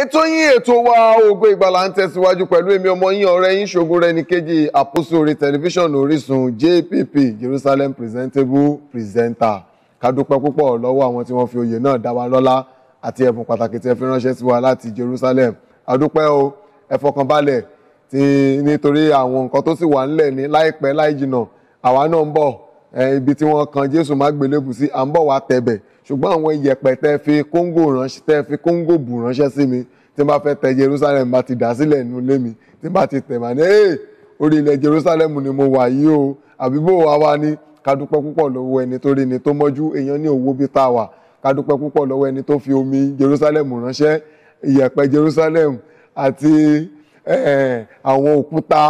ètò yín ètò wa ògo ìgbàlà ń tẹ̀síwájú pẹ̀lú èmi ọmọ yín ọ̀rẹ́ yín Ṣògorẹ̀níkejì àpòsò orí tẹlifíṣàn Orísun JPP Jerusalem presentable presenter ká dúpẹ́ púpọ̀ lọ́wọ́ àwọn tí wọ́n fi oyè náà dá wa lọ́lá àti ẹ̀bùn pàtàkì tí ẹ fi ránṣẹ́ sí wa láti Jerusalem a dúpẹ́ o ẹ ti nítorí àwọn nǹkan tó sì wà ńlẹ̀ ní láìpẹ́ láìjìnà àwa náà ń bọ̀ ibi tí wọ́n kan Jésù Mágbélébù sí à ń bọ̀ wá tẹ̀bẹ̀ ṣùgbọ́n àwọn iyẹ̀pẹ̀ tẹ́ fi kóńgò ránṣẹ́ tẹ́ fi kóńgò bù ránṣẹ́ sí mi tí n bá fẹ́ tẹ Jerusalem bá ti dà sílẹ̀ nínú ilé mi tí n bá ti tẹ̀ mà ní ẹ́ orí ilẹ̀ Jerusalem ni mo wà yìí o àbí bó wa wá ní ká dúpẹ́ púpọ̀ lọ́wọ́ ẹni tó rí ni tó mọ́jú èèyàn ní òwò bí tá a wà ká dúpẹ́ púpọ̀ lọ́wọ́ ẹni tó fi omi Jerusalem ránṣẹ́ iyẹ̀pẹ̀ Jerusalem àti àwọn òkúta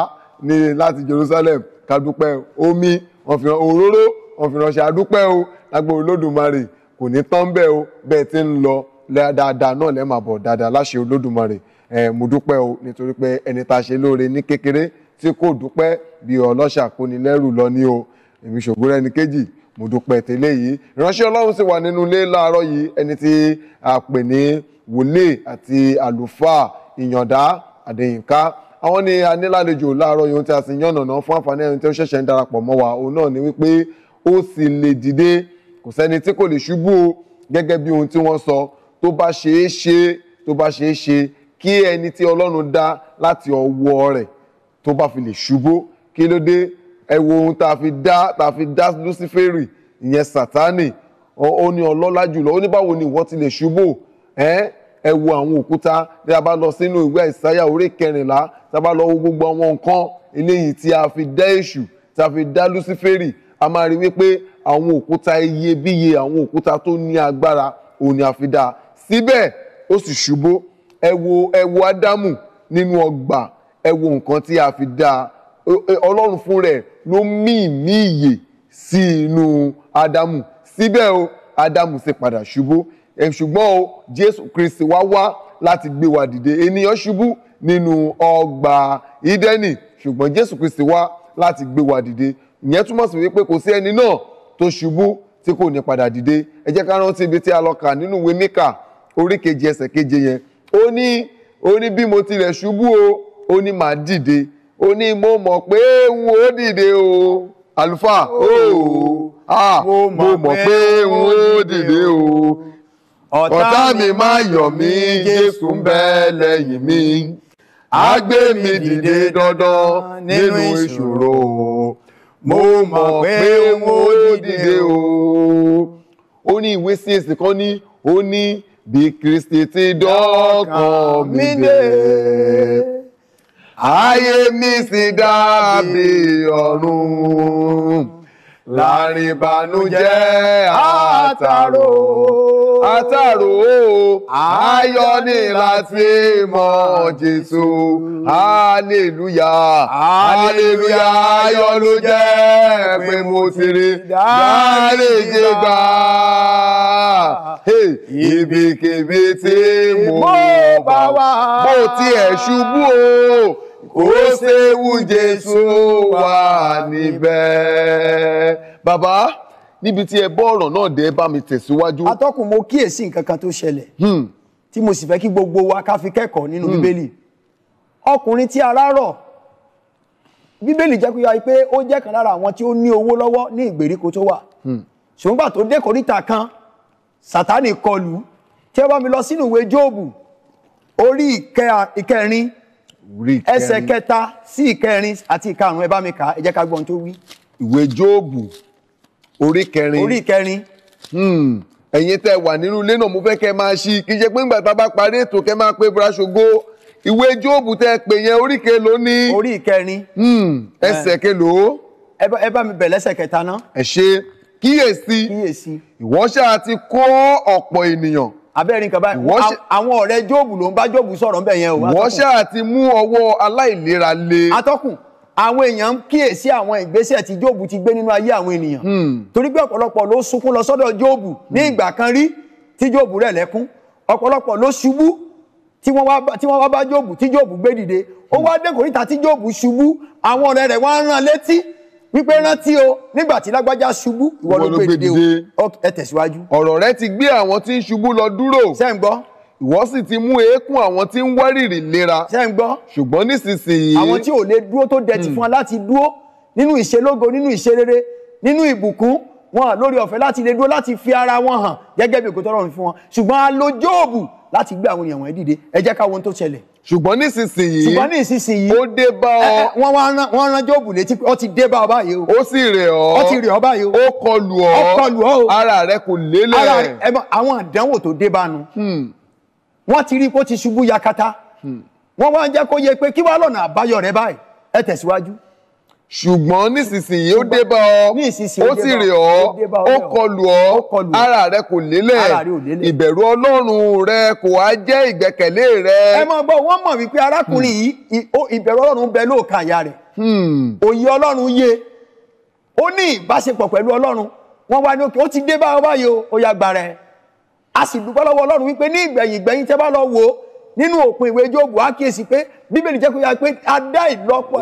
ní láti Jerusalem ká dúpẹ́ omi wọ́n fi hàn òróró wọ́n fi ránṣẹ́ àdúpẹ́ o lágbóhùn olódùmarè kò ní tán bẹ́ẹ̀ o bẹ́ẹ̀ ti ń lọ dáadáa náà lẹ́ẹ̀ máa bọ̀ dáadáa láṣẹ olódùmarè ẹ̀ mo dúpẹ́ o nítorí pé ẹni tá a ṣe lóore ní kékeré tí kò dúpẹ́ bí ọlọ́ṣà kóni lẹ́rù lọ ní o èmi Ṣògorẹ́níkejì mo dúpẹ́ tẹ́lẹ̀ yìí ìránṣẹ́ ọlọ́run sì wà nínú ilé láàárọ̀ yìí ẹni tí a pè ní wòlé àti àlùfáà ìyàndá àdéyìnká àwọn ni a ní lálejò láàárọ̀ yòó tí a sì yànnàná fún àǹfààní ẹni tí ó ṣẹ̀ṣẹ̀ ń darapọ̀ mọ́ wa òun náà ni wípé ó sì lè dìde kò sẹ́ni tí kò lè ṣubú o gẹ́gẹ́ bí ohun tí wọ́n sọ tó bá ṣeé ṣe tó bá ṣeé ṣe kí ẹni tí Ọlọ́run dá láti ọwọ́ rẹ̀ tó bá fi lè ṣubú kí ló dé ẹ wo ohun tá a fi dá tá a fi dá Luciferi ìyẹn Sátánì ó ní ọlọ́lá jùlọ ó ní báwo ni ìwọ ti lè ṣubú ẹ́ ẹ wo àwọn òkúta tí a bá lọ sínú ìwé ìsáyà orí kẹrìnlá tí a bá lọ wo gbogbo àwọn nǹkan eléyìí tí a fi dá èṣù tí a fi dá lúsífẹ́rì a máa rí wípé àwọn òkúta iyebíye àwọn òkúta tó ní agbára òun ni a síbẹ̀ ó sì ṣubú ẹ wo ẹ wo ádámù nínú ọgbà ẹ wo nǹkan tí a fi dá ọlọ́run fún rẹ̀ ló mí ìmí ìyè sí inú ádámù síbẹ̀ o ádámù sì padà ṣubú ṣùgbọ́n o Jésù Kristi wá wá láti gbé wa dìde ènìyàn ṣubú nínú ọgbà Ídẹ́nì ṣùgbọ́n Jésù Kristi wá láti gbé wa dìde ìyẹn túmọ̀ sí wípé kò sí ẹni náà tó ṣubú tí kò ní padà dìde ẹ jẹ́ ká rántí ibi tí a lọ kà nínú ìwé Míkà orí keje ẹsẹ̀ keje yẹn ó ní ó ní bí mo tilẹ̀ ṣubú o ó ní màá dìde ó ní mo mọ̀ pé n ó dìde o àlùfáà ó mo mọ̀ pé n ó dìde o ọ̀tá mi má yọ̀ mí jésù ń bẹ lẹ́yìn mi á gbé mi dìde dandan nínú ìṣòro mo mọ̀ pé wọ́n dìde o. ó ní ìwé csc kan ní ó ní bí kristi ti dọ́kàn mi dé ayé mi sì dàbí ọ̀run láàrin ìbànújẹ́ àtàrò àtàrò ayọ̀ ni láti mọ̀ Jésù hallelujah hallelujah ayọ̀ ló jẹ́ pé mo ti rí dáléje gbà ibikíbi tí mo bá wà bó tiẹ̀ ṣubú o ó ṣéwú Jésù wà níbẹ̀ bàbá níbi tí ẹ bọ́ ọ̀rọ̀ náà dé bá mi tẹ̀síwájú. atọ́kùn mo kíyèsí nǹkan kan tó ṣẹlẹ̀ hmm. tí mo sì fẹ́ kí gbogbo wa ká fi kẹ́kọ̀ọ́ nínú hmm. bíbélì ọkùnrin tí ara rọ̀ bíbélì jẹ́ kúyọ́ pé ó jẹ́ kan lára àwọn tí ó ní owó lọ́wọ́ ní ìgbèríko tó wà hmm. ṣùgbọ́n gbà tó dé kòríta kan sátánì kọlù tí ẹ bá mi lọ sínú ìwé jóòbù orí ìkẹrin ẹsẹ̀ kẹta sí ìkẹrin àti ìkarùn ẹ bá mi kà ẹ jẹ́ ká gbọ́n tó wí. ìwé jóòbù orí kẹrin orí kẹrin hmm. ẹ̀yin tẹ́ wà nínú ilé náà mo fẹ́ kẹ́ máa ṣí kí n ṣe pé ńgbà tá a bá parí ètò kẹ́ máa pé Braṣogo ìwé jóòbù tẹ́ pè yẹn orí kelo ní. orí kẹrin. Hmm. ẹsẹ̀ eh. kelo. ẹ bá mi bẹ̀ lẹ́sẹ̀ kẹta náà. ẹ ṣe kíyèsí. kíyèsí. ìwọ́ṣà ti kó ọ̀pọ̀ ènìyàn abẹ́rin kan báyìí àwọn ọ̀rẹ́ jóòbù ló ń bá jóòbù sọ̀rọ̀ ńbẹ̀ yẹn o. wọ́n ṣáà mú ọwọ́ aláìlera le. atọ́kùn àwọn èèyàn ń kíyèsí àwọn ìgbésẹ̀ tí jóòbù ti gbé nínú ayé àwọn ènìyàn hmm. torí pé ọ̀pọ̀lọpọ̀ ló sunkún lọ sọ́dọ̀ jóòbù ní hmm. ìgbà kan rí tí jóòbù rẹ̀ lẹ́kún ọ̀pọ̀lọpọ̀ ló ṣubú tí wọ́n wá bá jóòbù tí jóòbù gbé dìde ó hmm. wá dé kòríta tí jóòbù ṣubú àwọn ọ̀rẹ́ rẹ̀ wá ń rán létí wípé rántí o nígbà tí lágbájá ṣubú ìwọ ló gbé dìde o ẹ tẹ̀síwájú. ọ̀rọ̀ rẹ ti gbé àwọn tí ń ṣubú lọ dúró. sẹ́ ìwọ sì ti mú eékún àwọn tí ń wárìrì lera. ṣé ń gbọ́. ṣùgbọ́n nísinsìnyí. àwọn tí ò lè dúró tó dẹ̀tí fún wa hmm. láti dúró nínú ìṣelógo nínú ìṣerere nínú ìbùkún wọn lórí ọ̀fẹ́ láti lè dúró láti fi ara wọn hàn gẹ́gẹ́ bí òkútọ́rọ̀ fún wọn ṣùgbọ́n a lo jóòbù láti gbé àwọn èèyàn wọn dìde ẹ jẹ́ ká wo ohun tó ṣẹlẹ̀. ṣùgbọ́n nísinsìnyí ṣùgbọ́n nísinsìnyí ó dé bá ọ. wọ́n wọ́n rán jóòbù létí pé ó ti dé bá ọ báyìí o. ó sì rẹ̀ ọ́ ó ti rẹ̀ ọ́ báyìí o. ó kọlù ọ́ ó kọlù ọ́ o. ara rẹ kò lélẹ̀. ara rẹ àwọn àdánwò tó dé bá nu. Hmm wọ́n ti rí pé ti ṣubú yakata hmm. wọ́n wá ń jẹ́ kó yẹ pé kí wá lọ́nà àbáyọ rẹ báyìí ẹ tẹ̀síwájú. ṣùgbọ́n nísinsìnyí ó dé bá ọ ó ti rè ọ ó kọlù ọ ara rẹ kò lélẹ̀ ìbẹ̀rù ọlọ́run rẹ kò wá jẹ́ ìgbẹ́kẹ̀lé rẹ. ẹ máa gbọ́ wọ́n mọ̀ wípé arákùnrin hmm. yìí ìbẹ̀rù ọlọ́run bẹ lóòka àyà rẹ̀ hmm. òye ọlọ́run yé ó ní ìbáṣepọ̀ pẹ̀lú ọlọ́run wọ́n wá ní ó ti dé bá ọ báyìí ó yá gbàrẹ́ a sì dúpẹ́ lọ́wọ́ ọlọ́run wípé ní ìgbẹ̀yìn ìgbẹ̀yìn tẹ́ bá lọ wò ó nínú òpin ìwé jóòbù á kíyèsí pé bíbélì jẹ́ kó yà pé a dá ìlọ́po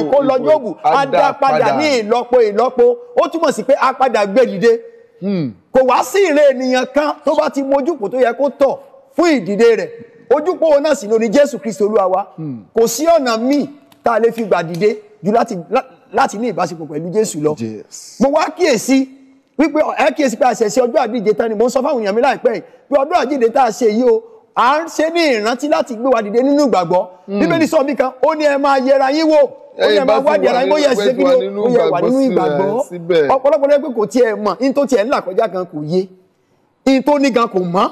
ìkólọ jóòbù a dá padà ní ìlọ́po ìlọ́po ó túmọ̀ sí pé a padà gbé dìde hmm. kò wá sí ìrè ènìyàn kan tó bá ti mojúpò tó yẹ kó tọ̀ fún ìdìde rẹ̀ ojúpò náà sì lórí jésù kristi olúwa wa hmm. kò sí ọ̀nà míì tá a lè fi gbà dìde jù láti ní ìbáṣepọ̀ pẹ̀lú jésù lọ mo wá kíyèsí wípé ẹ kíyèsí pé àṣẹṣe ọjọ́ àjíǹde tán ni mò ń sọ fáwọn èèyàn mi láìpẹ́ yìí pé ọjọ́ àjíǹde tá a ṣe yìí o à ń ṣe ní ìrántí láti gbé wa dìde nínú ìgbàgbọ́ hmm. bíbélì sọ mí kan ó ní ẹ máa yẹra yín wò ó ní ẹ máa wádìí ara yín bóyá ẹsẹ kí ló ó yẹ wà nínú ìgbàgbọ́ ọ̀pọ̀lọpọ̀ lẹ́gbẹ̀ẹ́ kò tiẹ̀ mọ̀ in tó tiẹ̀ ńlà gan kò yé in tó ní gan kò mọ̀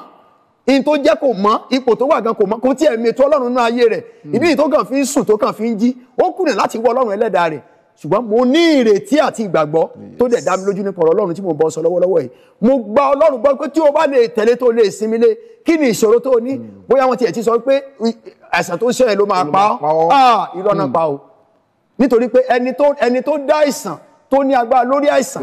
in tó jẹ́ kò mọ̀ ipò tó wà gan kò mọ̀ kò tiẹ̀ mètò ọlọ́run náà ayé rẹ̀ hmm. ìdí ìtó fi ń sùn tó kàn fi ń jí ó kùnà láti wọ ọlọ́run ẹlẹ́dàá rẹ̀ ṣùgbọ́n mo ní ìrètí àti ìgbàgbọ́ tó dẹ̀ dá mi lójú nípa ọ̀rọ̀ ọlọ́run tí mo bọ́ sọ lọ́wọ́lọ́wọ́ yìí mo gba ọlọ́run gbọ́ pé tí o bá lè tẹ̀lé tó lè sinmi lé kí ni ìṣòro tó ní bóyá wọ́n tiẹ̀ ti sọ pé àìsàn tó ń ṣẹlẹ̀ ló máa pa ọ́ ìrọ̀nà ah, pa o nítorí pé ẹni tó dá àìsàn tó ní agbára lórí àìsàn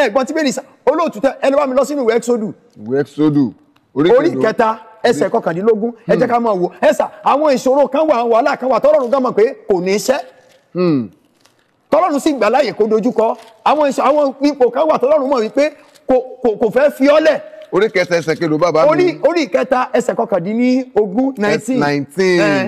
ẹ̀gbọ́n tí bẹ́ẹ̀ ah, olóòtú tẹ ẹ lọ bá mi lọ sínú ìwé exodu ìwé exodu orí kẹta ẹsẹ̀ kọkàndínlógún ẹ jẹ́ hmm. ká máa wò ẹ̀sà àwọn ìṣòro kan wà àwọn wàhálà kan wà tọ́lọ́run gan mọ̀ pé kò ní í ṣẹ́ hmm tọ́lọ́run sì gbà láàyè kó dojúkọ àwọn ìṣọ àwọn ipò kan wà tọ́lọ́run mọ̀ wípé kò fẹ́ fi ọ́ lẹ̀. orí kẹta ẹsẹ̀ kelo bàbá mi. orí orí kẹta ẹsẹ̀ kọkàndínlógún nineteen. nineteen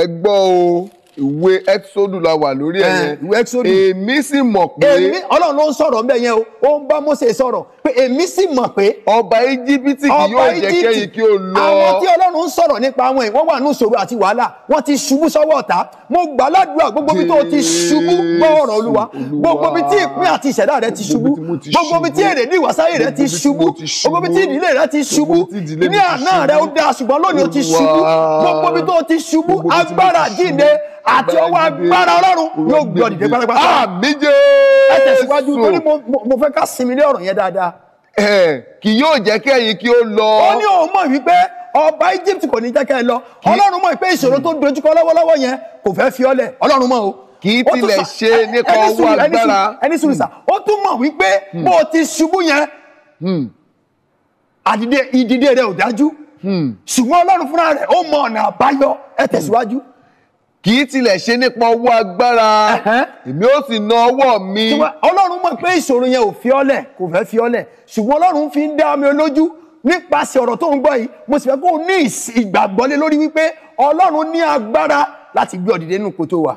ẹ gbọ́ o ìwé exodus la wà lórí ẹ̀ yẹn eh, ìwé ẹ́tísódù èmi sì mọ̀ pé èmi ọlọ́run ló ń sọ̀rọ̀ ńbẹ̀ yẹn o ó ń bá Mósè sọ̀rọ̀ pé èmi sì mọ̀ pé ọba íjíbítì kì yóò jẹ́ kẹ́yìn kí ó lọ àwọn tí ọlọ́run ń sọ̀rọ̀ nípa wọn yìí wọ́n wà ní ìṣòro àti wàhálà wọ́n ti ṣubú sọ́wọ́ ọ̀tá mo gbà ládùúrà gbogbo bí tó o ti ṣubú gbọ́ ọ̀rọ̀ olúwa gbogbo bí tí ìpín àti ìṣẹ̀dá rẹ ti ṣubú gbogbo bí tí èrè ní ìwàsáyé rẹ ti ṣubú gbogbo bí tí ìdílé rẹ ti ṣubú ní àná rẹ ó dáa ṣùgbọ́n lónìí ó ti ṣubú gbogbo bí tó o ti ṣubú agbára jíǹde àti ọwọ́ agbára ọlọ́run yóò gbé ọ dìde pátápátá. àmì jẹ́ ẹ tẹ̀síwájú torí mo fẹ́ ká sinmi lé ọ̀rọ̀ yẹn dáadáa. kì yóò jẹ́ kí ẹ̀yin kí ó lọ. ó ní òun mọ̀ wípé ọba Egypt kò ní jẹ́ kẹ́ ẹ lọ ọlọ́run mọ̀ pé ìṣòro tó dojúkọ lọ́wọ́lọ́wọ́ yẹn kò fẹ́ fi ọ́ ọlọ́run mọ̀ o kì í tilẹ̀ ṣe nípa ọwọ́ agbára. ẹni sùn sà hmm. ó tún mọ̀ wípé hmm. bó o ti ṣubú yẹn hmm. àdìde ìdìde rẹ ò dájú ṣùgbọ́n ọlọ́run fúnra rẹ̀ ó mọ ọ̀nà àbáyọ ẹ tẹ̀síwájú kì í tilẹ̀ ṣe nípa ọwọ́ agbára èmi ó sì na ọwọ́ mi. ọlọ́run mọ̀ pé ìṣòro yẹn ò fi ọ́lẹ̀ kò fẹ́ fi ọ́lẹ̀ ṣùgbọ́n ọlọ́run fi ń dá mi lójú nípasẹ̀ ọ̀rọ̀ tó ń gbọ́ yìí mo sì fẹ́ kó o ní ìgbàgbọ́lé lórí wípé ọlọ́run ní agbára láti gbé ọ dìde nínú kòtò wa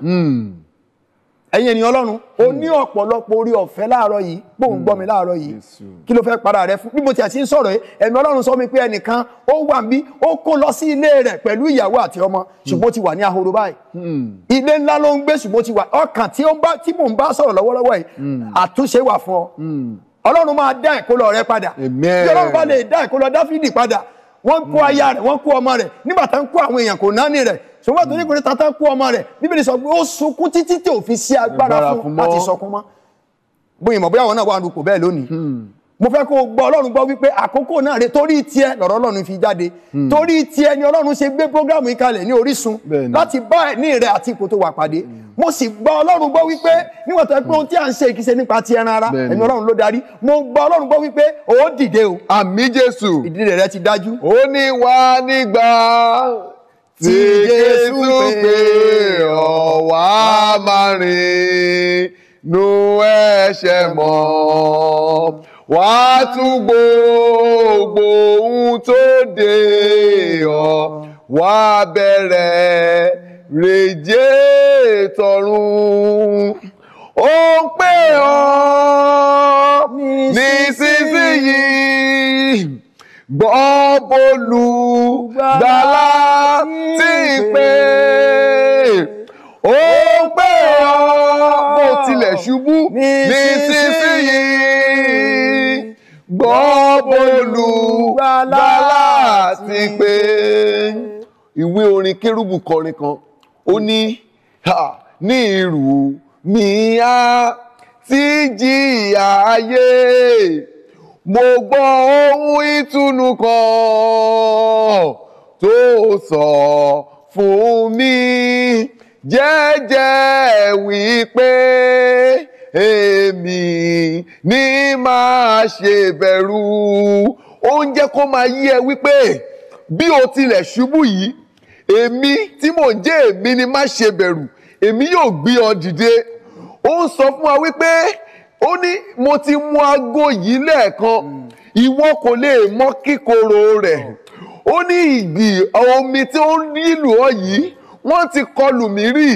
ẹ̀yin ènìyàn ọlọ́run o hmm. ní ọ̀pọ̀lọpọ̀ orí ọ̀fẹ́ láàárọ̀ yìí bóun gbọ́ mi hmm. láàárọ̀ yìí kí ló fẹ́ para rẹ fún bí mo ti àti ń sọ̀rọ̀ ẹ̀mí ọlọ́run sọ mi pé ẹnìkan ó wà ń bí ó kó lọ sí ilé rẹ̀ pẹ̀lú ìyàwó àti ọmọ hmm. ṣùgbọ́n ti wà ní ahoro báyìí ilé ńlá ló ń gbé ṣùgbọ́n ti wà ọkàn tí mò ń bá sọ̀rọ̀ lọ́wọ́lọ́wọ́ yìí àtúnṣe wà fún ọ ọlọ́run máa dá ìkólọ rẹ padà ọlọ́run bá lè dá ìkólọ dáfídì padà wọ́n kó aya rẹ̀ wọ́n kó ọmọ rẹ̀ nígbà tá kó àwọn èèyàn kò náání rẹ̀ ṣùgbọ́n tó ní kò ní tata kú ọmọ rẹ̀ bíbélì sọ pé ó sunkún títí tí ò fi sí agbára fún láti sọkún mọ́ bóyá ìmọ̀ bóyá àwọn náà wà nù kò bẹ́ẹ̀ lónìí hmm. mo fẹ́ kó gbọ́ ọlọ́run gbọ́ wípé àkókò náà rè torí tiẹ̀ lọ̀rọ̀ ọlọ́run fi jáde hmm. torí tiẹ̀ ni ọlọ́run ṣe gbé prógrámù yìí kalẹ̀ ní orísun láti bá ẹ̀ní rẹ àti ipò tó wà pàdé hmm. mo sì gbọ́ ọlọ́run gbọ́ wípé níwọ̀n tó yẹ pé ohun tí à ń ṣe kì í ṣe nípa ti ẹran ara ẹ̀mí ọlọ́run ló darí mo gbọ́ ọlọ́run gbọ́ wípé ó dìde o. àmì jésù ìdílé rẹ ti dájú. ó ní wá nígbà tí Jésù pé ọ̀wá máa rìn nú ẹ̀ṣẹ̀ mọ́ wá tún gbogbo ohun tó dé ọ wá bẹ̀rẹ̀ rèjé tọ̀run ó ń pè ọ́ nísinsìnyí gbọ́ bólú gbàlà tí ì pé ó pé ọ bó tilẹ̀ ṣubú nísinsìnyí gbọ́ bólú gbàlà tí ì pé. ìwé orin kérúbù kọrin kan ó ní ní irú mi á ti jìyà ayé mo gbọ́ ohun ìtùnú kan tó sọ fún mi jẹ́jẹ́ wípé èmi ní máa ṣe bẹ̀rù ó ń jẹ́ kó máa yí ẹ wípé bí o tilẹ̀ ṣubú yìí èmi tí mò ń jẹ́ èmi ni má ṣe bẹ̀rù èmi yóò gbé ọ dìde ó ń sọ fún wa wípé ó ní mo ti mu aago yìí lẹ́ẹ̀kan ìwọ kò lè mọ kíkorò rẹ̀ ó ní ìgbì omi tí ó nílò ọ yìí wọ́n ti kọlù mí rí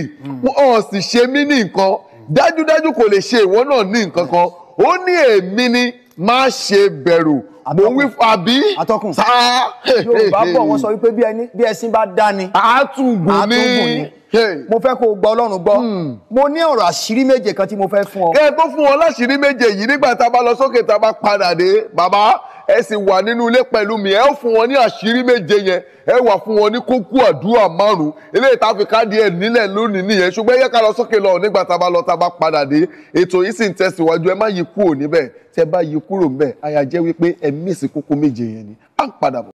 wọ́n sì ṣe mí ní nǹkan dájúdájú kò lè ṣe ìwọ náà ní nǹkan kan ó ní èmi ni má ṣe bẹ̀rù mo wí àbí sáà. yorùbá bọ̀ wọ́n sọ wípé bí ẹṣin bá dá ni. àtúngùn ni mo fẹ́ kó o gba ọlọ́run gbọ́ hmm. mo ní ọ̀rọ̀ àṣírí méje kan tí mo fẹ́ fún ọ. kẹ́ ẹ tó fún wọn láṣírí méje yìí nígbà tá a bá lọ sókè tá a bá padà dé bàbá ẹ sì wà nínú ilé pẹ̀lú mi ẹ ó fún wọn ní àṣírí méje yẹn ẹ wà fún wọn ní kókó àdúrà márùn eléyìí tá a fi káàdì ẹ nílẹ̀ lónìí nìyẹn ṣùgbọ́n ẹ yẹ ká lọ sókè lọ nígbà tá a bá lọ tá a bá padà dé ètò yìí sì ń tẹ̀síwájú ẹ má yí kúrò níbẹ̀ tẹ bá yí kúrò níbẹ̀ àyà jẹ́ wípé ẹ mísì kókó